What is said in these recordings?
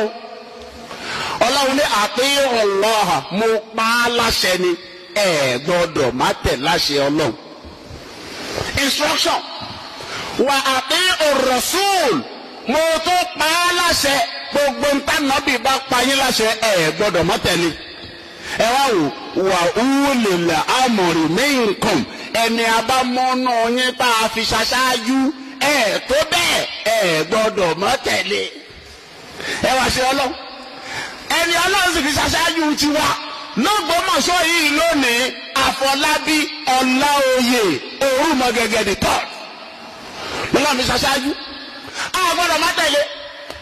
ọlọ́run ọlọ́run ní àpéyé ọlọ́ha mo pa á láṣẹ ni ẹ gbọ́dọ̀ má tẹ̀ láṣẹ ọlọ́run instruction wà àpéyé ọ̀rọ̀sùn mo tó pa á láṣẹ gbogbo ntànàbì bá pa yín láṣẹ ẹ gbọ́dọ̀ má tẹ̀lé ẹ wá wò wà wúlò là ámọ̀rì mẹ́yìn kàn ẹni abámọ́nà yín tá a fi ṣaṣáájú ẹ tó bẹ́ẹ̀ ẹ gbọ́dọ̀ má tẹ̀lé ẹ wá ṣe ọlọ́run ẹni ọlọ́run sì fi ṣaṣáájú tiwa lọ́gbọ́mọ̀ṣọ́ yìí lónìí àfọlábí ọláoyè orúmọgẹ́gẹ́ the third lọ́lọ́run fi ṣaṣáájú àwọn gbọ́dọ̀ má tẹ̀lé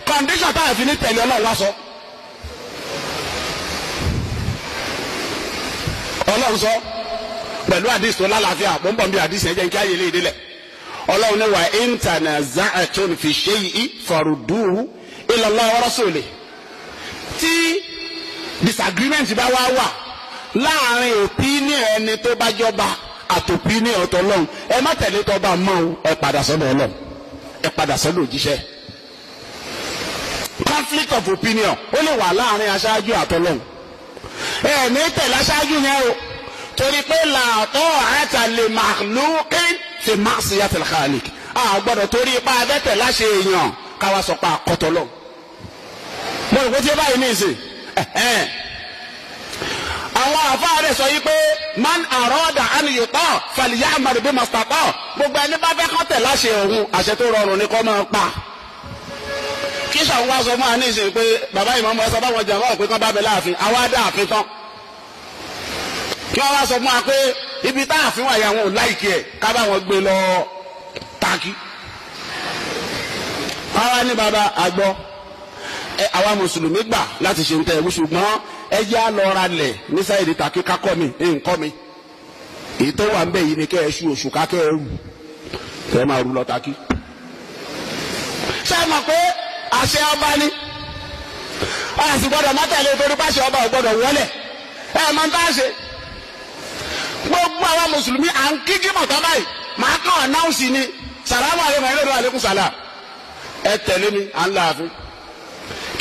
kọ̀ǹdíṣọ̀ táwọn fi ní tẹ̀lé ọlọ́run lọ́sọ. ọlọ́run sọ pẹ̀lú àdìsí tó lálàáfíà mo ń bọ̀ bí àdìsí ẹ̀jẹ̀ ń ayé lè délẹ̀ ọlọ́run ní wà íńtànà zaatun fi ṣe yìí fọ̀rùdúrú ila Allah wa rasulih tí disagreement bá wá wà láàrin opinion ẹni tó bá jọba àti opinion ọ̀tọ̀ Ọlọ́run ẹ má tẹ̀lé tọba mọ́ o ẹ padà sọ́dọ̀ Ọlọ́run ẹ padà sọ́dọ̀ òjíṣẹ́ conflict of opinion ó lè wà láàrin aṣáájú àtọlọ́hún ẹ ní tẹ̀lé aṣáájú yẹn o torí pé làtọ́ àtàlè màlúkẹ́ ti máa ṣe yàtọ̀ khalik a gbọ́dọ̀ torí ipá abẹ́tẹ̀ láṣẹ èèyàn káwa sọ pé àkọ́tọ̀ lọ́hùn mo rò pé tí ẹ báyìí ní ìsìn àwọn àfáà sọ yí pé man àrọ́ọ̀dà àníyùtọ̀ fàlìyà àmàlùbí màsítàpọ̀ gbogbo ẹni bá fẹ́ kọ́ tẹ̀ láṣẹ òun àṣẹ tó rọrùn ni kọ́ máa pa kí sàwọn wá sọ fún wa ní ìsìn pé bàbá ìmọ̀ọ́mọ́ ẹ sọ báwọn jàmbá òpin kan bá bẹ láàfin àwa dá àfin tán kí wọ́n wá sọ fún wa pé ibi tá àfin wà yà ò láìkí ẹ̀ ká gbé lọ Tàkì. àwa ní baba àgbọ̀ ẹ àwa mùsùlùmí gbà láti ṣe ń tẹ ewu ṣùgbọ́n ẹ yá lọ ra lẹ̀ ní sáyẹ̀dì tàkí kakọ́ mi nǹkọ́ mi èyí tó wà ń bẹ̀ yìí ni kẹ́ ẹ ṣu oṣù kákẹ́ ẹ rù kẹ́ ẹ máa rù lọ tàkí. ṣé ẹ mọ̀ pé àṣẹ ọba ni ọ̀rọ̀ sì gbọ́dọ̀ mọ́tẹ̀lẹ́ e torí pàṣẹ ọba ò gbọ́dọ̀ wọlé ẹ máa ń bá ṣe gbogbo àwọn mùsùlùmí à ń kíjí mọ̀tọ́ báyìí màá kàn án náà ni sàlámù àlẹ́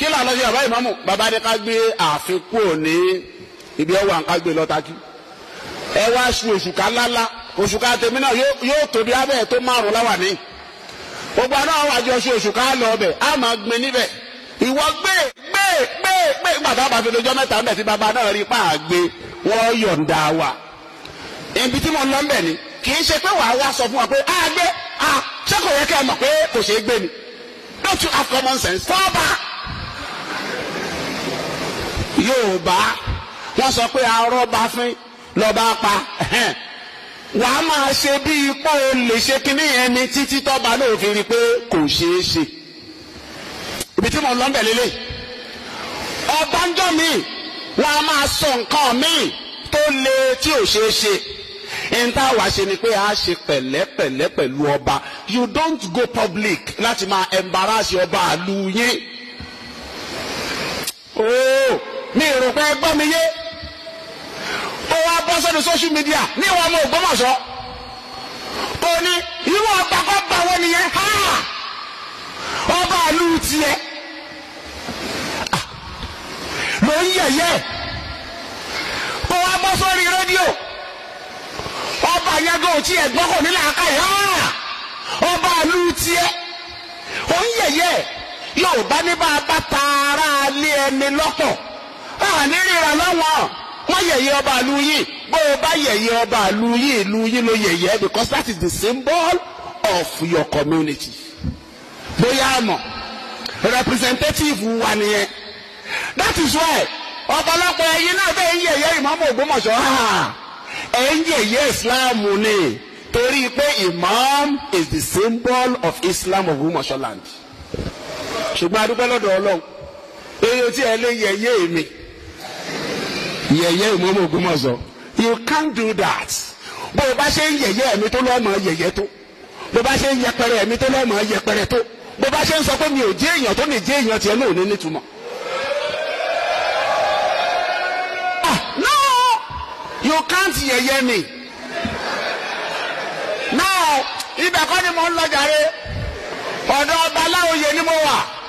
kí lọ sí bàbá ìmáàmù bàbá ni ká gbé àfikún ní ibi ẹwà ká gbé lọ ẹ wá su òṣùká lálá òṣùká tèmi náà yóò tóbi abẹ́ tó márùn láwà ní gbogbo àná àwọn àjọ ṣe òṣùká lọ ọbẹ̀ á máa gbin níbẹ̀ ìwọ gbé gbé gbé gbé gbàtà bàbá ìdójọ́ mẹ́ta ń bẹ̀ tí bàbá náà rí pa àgbé wọ́n yọ̀ǹda wa ibi tí mo lọ ń bẹ̀ ni kì í ṣe pé wàá wá sọ fún wa pé á gbé à ṣé kò yẹ kẹ́ ẹ mọ̀ pé kò ṣeé gbé ni don't you have common sense fọ́ Yorùbá wọ́n sọ pé arọ́báfín lọ́ba pa wà á máa ṣe bí ipò lè ṣe kínní yẹn ni títí tọ́ba náà fi rí i pé kò ṣeé ṣe ibi tí mo ń lọ bẹ̀ lélẹ̀ ọbánjọ́ mi wọ́n á máa sọ nǹkan mi tó le tí ò ṣeé ṣe ẹni tá ṣe ni pé a ṣe pẹ̀lẹ́pẹ̀lẹ́ pẹ̀lú ọba you don't go public láti máa embarrass ọba àlù Oh mi rò pé ẹ gbọ́ mi yé ó wá bọ́ sọ́dọ̀ social media ní ìwà ọmọ Ògbómọ̀ṣọ́ ó ní irú ọba kọ́ bá wọn nìyẹn ha ọba àlù tiẹ̀ ló ń yẹ̀yẹ́ ó wá bọ́ sórí rédíò ọba yẹn gan òtí ẹ̀ gbọ́kọ̀ nílẹ̀ aka yìí ha ọba àlù tiẹ̀ ó ń yẹ̀yẹ́ yóò bá ní bá a bá taara lé ẹni lọ́pọ̀ àní ríra lọ́wọ́n wọ́n ọba ìlú yìí bó o bá yẹ̀yẹ́ ọba ìlú yìí ìlú yìí ló yẹ̀yẹ́ because that is the symbol of your community. bóyá àmọ̀ representative wa nìyẹn that is why ọ̀pọ̀lọpọ̀ ẹ̀yin náà bẹ́ẹ̀ ń yẹ̀yẹ́ ìmọ̀mọ̀ Ògbómọ̀ṣọ́ ẹ̀ ń yẹ̀yẹ́ ìsìláàmù ni torí pé imam is the symbol of Islam of Ògbómọ̀ṣọ́ ṣùgbọ́n adúgbò lọ́dọ̀ Ọlọ́run èyí tí ẹ lè yẹ̀yẹ́ mi yẹ̀yẹ́ ìmọ̀ọ́mọ̀ Ògbómọ̀ṣọ́ you can't do that bó o bá ṣe ń yẹ̀yẹ́ ẹ̀mí tó lọ́mọ yẹ̀yẹ́ tó bó o bá ṣe ń yẹpẹrẹ ẹ̀mí tó lọ́mọ yẹpẹrẹ tó bó o bá ṣe ń sọ pé mi ò jẹ́ èèyàn tó ní jẹ́ èèyàn tiẹ̀ náà ò ní nítumọ̀. Ah, no you can't yẹ̀yẹ́ me now ibẹ̀ kọ́ ni mo ń lọ jàre ọ̀dọ̀ ọba aláwòye ni mo wà.